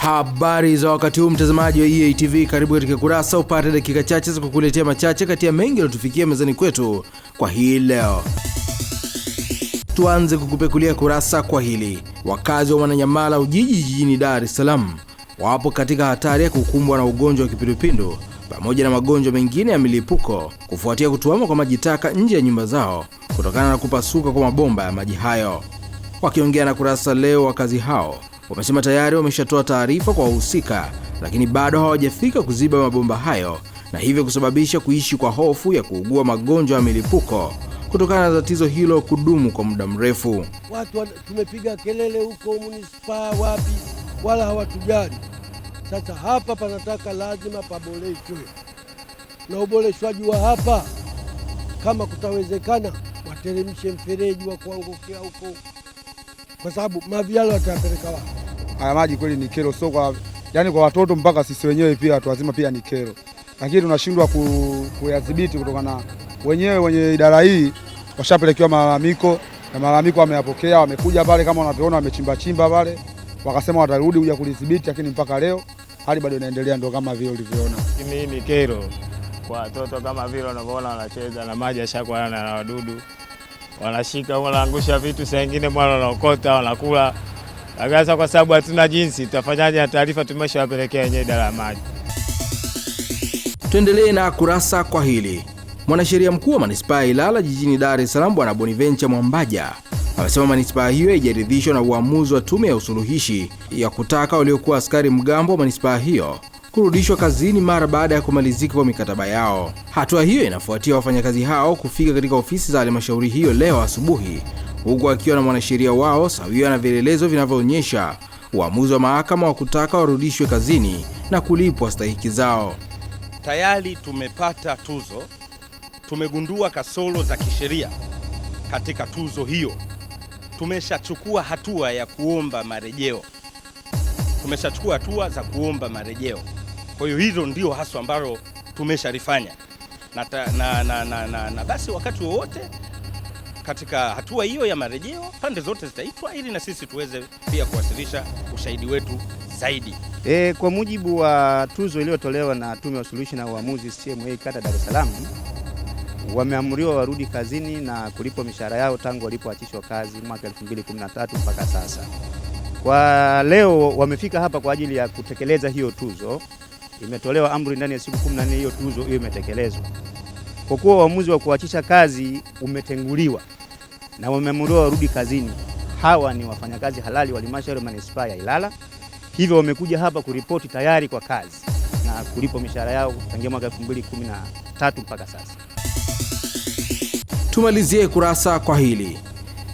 Habari za wakati huu mtazamaji wa EA TV, karibu katika Kurasa, upate dakika chache za kukuletea machache kati ya mengi yaliyotufikia mezani kwetu kwa hii leo. Tuanze kukupekulia kurasa kwa hili. Wakazi wa Mwananyamala Ujiji jijini Dar es Salaam wapo katika hatari ya kukumbwa na ugonjwa wa kipindupindu pamoja na magonjwa mengine ya milipuko kufuatia kutuama kwa maji taka nje ya nyumba zao kutokana na kupasuka kwa mabomba ya maji hayo. Wakiongea na Kurasa leo, wakazi hao wamesema tayari wameshatoa taarifa kwa wahusika, lakini bado hawajafika kuziba mabomba hayo na hivyo kusababisha kuishi kwa hofu ya kuugua magonjwa ya milipuko kutokana na tatizo hilo kudumu kwa muda mrefu. Watu tumepiga kelele huko munisipa wapi, wala hawatujali. Sasa hapa panataka lazima paboreshwe, na uboreshwaji wa hapa, kama kutawezekana, wateremshe mfereji wa kuangukia huko, kwa sababu mavialo watayapeleka wapi? haya maji kweli ni kero, so kwa yani kwa watoto mpaka sisi wenyewe pia watu wazima pia ni kero, lakini tunashindwa kuyadhibiti kutokana na wenyewe wenye idara hii washapelekewa malalamiko na malalamiko wameyapokea, wamekuja pale kama wamechimba chimba pale, wakasema watarudi kuja kulidhibiti, lakini mpaka leo hali bado inaendelea, ndo kama vile ulivyoona. Mimi ni kero kwa watoto kama vile unavyoona wanacheza na maji yashakuana na wadudu, wanashika wanaangusha vitu, saa mwana wanaokota wanakula Agasa, kwa sababu hatuna jinsi, tutafanyaje na taarifa tumeshawapelekea wenyewe idara ya maji. Tuendelee na kurasa kwa hili. Mwanasheria mkuu wa manispaa ya Ilala jijini Dar es Salaam Bwana Bonivencha Mwambaja amesema manispaa hiyo haijaridhishwa na uamuzi wa tume ya usuluhishi ya kutaka waliokuwa askari mgambo wa manispaa hiyo kurudishwa kazini mara baada ya kumalizika kwa mikataba yao. Hatua hiyo inafuatia wafanyakazi hao kufika katika ofisi za halmashauri hiyo leo asubuhi huku akiwa na mwanasheria wao sawia na vielelezo vinavyoonyesha uamuzi wa mahakama wa kutaka warudishwe kazini na kulipwa stahiki zao. Tayari tumepata tuzo, tumegundua kasoro za kisheria katika tuzo hiyo, tumeshachukua hatua ya kuomba marejeo, tumeshachukua hatua za kuomba marejeo. Kwa hiyo hilo ndio haswa ambalo tumeshalifanya na, na, na, na, na, na basi wakati wowote katika hatua hiyo ya marejeo pande zote zitaitwa ili na sisi tuweze pia kuwasilisha ushahidi wetu zaidi. E, kwa mujibu wa tuzo iliyotolewa na Tume ya Usuluhishi na Uamuzi CMA kata Dar es Salaam, wameamriwa warudi kazini na kulipwa mishahara yao tangu walipoachishwa kazi mwaka 2013 mpaka sasa. Kwa leo wamefika hapa kwa ajili ya kutekeleza hiyo tuzo. Imetolewa amri ndani ya siku 14 hiyo tuzo hiyo imetekelezwa kwa kuwa uamuzi wa kuachisha kazi umetenguliwa na wameamuriwa warudi kazini. Hawa ni wafanyakazi halali wa halmashauri manispaa ya Ilala, hivyo wamekuja hapa kuripoti tayari kwa kazi na kulipo mishahara yao tangia mwaka 2013 mpaka sasa. Tumalizie kurasa kwa hili.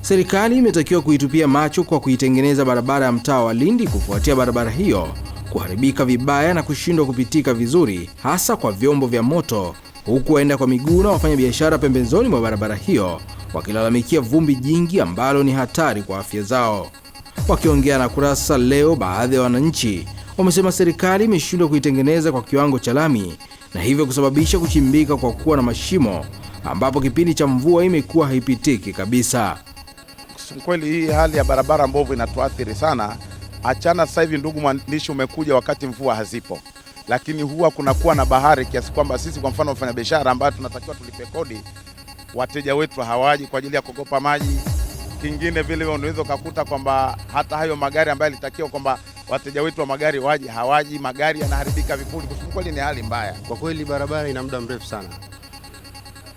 Serikali imetakiwa kuitupia macho kwa kuitengeneza barabara ya mtaa wa Lindi kufuatia barabara hiyo kuharibika vibaya na kushindwa kupitika vizuri hasa kwa vyombo vya moto huku waenda kwa miguu na wafanya biashara pembezoni mwa barabara hiyo wakilalamikia vumbi jingi ambalo ni hatari kwa afya zao. Wakiongea na Kurasa leo, baadhi ya wananchi wamesema serikali imeshindwa kuitengeneza kwa kiwango cha lami na hivyo kusababisha kuchimbika kwa kuwa na mashimo ambapo kipindi cha mvua imekuwa haipitiki kabisa. Kweli hii hali ya barabara mbovu inatuathiri sana. Achana sasa hivi, ndugu mwandishi, umekuja wakati mvua hazipo lakini huwa kunakuwa na bahari kiasi kwamba sisi kwa mfano wafanyabiashara ambayo tunatakiwa tulipe kodi, wateja wetu hawaji kwa ajili ya kuogopa maji. Kingine vile unaweza ukakuta kwamba hata hayo magari ambayo yalitakiwa kwamba wateja wetu wa magari waje hawaji, magari yanaharibika, vipuri. kweli ni hali mbaya, kwa kweli barabara ina muda mrefu sana.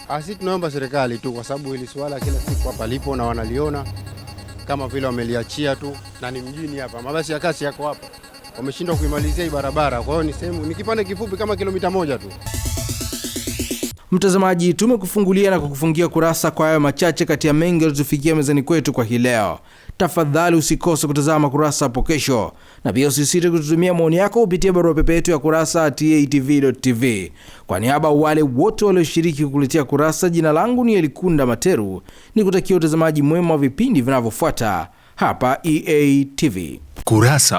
Asi ah, tunaomba serikali tu, kwa sababu hili swala kila siku hapa lipo na wanaliona kama vile wameliachia tu, na ni mjini hapa, mabasi ya kasi yako hapa wameshindwa kuimalizia hii barabara. Kwa hiyo ni sehemu ni kipande kifupi kama kilomita moja tu. Mtazamaji, tumekufungulia na kukufungia kurasa kwa hayo machache kati ya mengi yaliyotufikia mezani kwetu kwa hii leo. Tafadhali usikose kutazama kurasa hapo kesho, na pia usisite kututumia maoni yako kupitia barua pepe yetu ya kurasa tatvtv Kwa niaba wale wote walioshiriki kukuletea kurasa, jina langu ni Elikunda Materu, ni kutakia utazamaji mwema wa vipindi vinavyofuata hapa EATV Kurasa.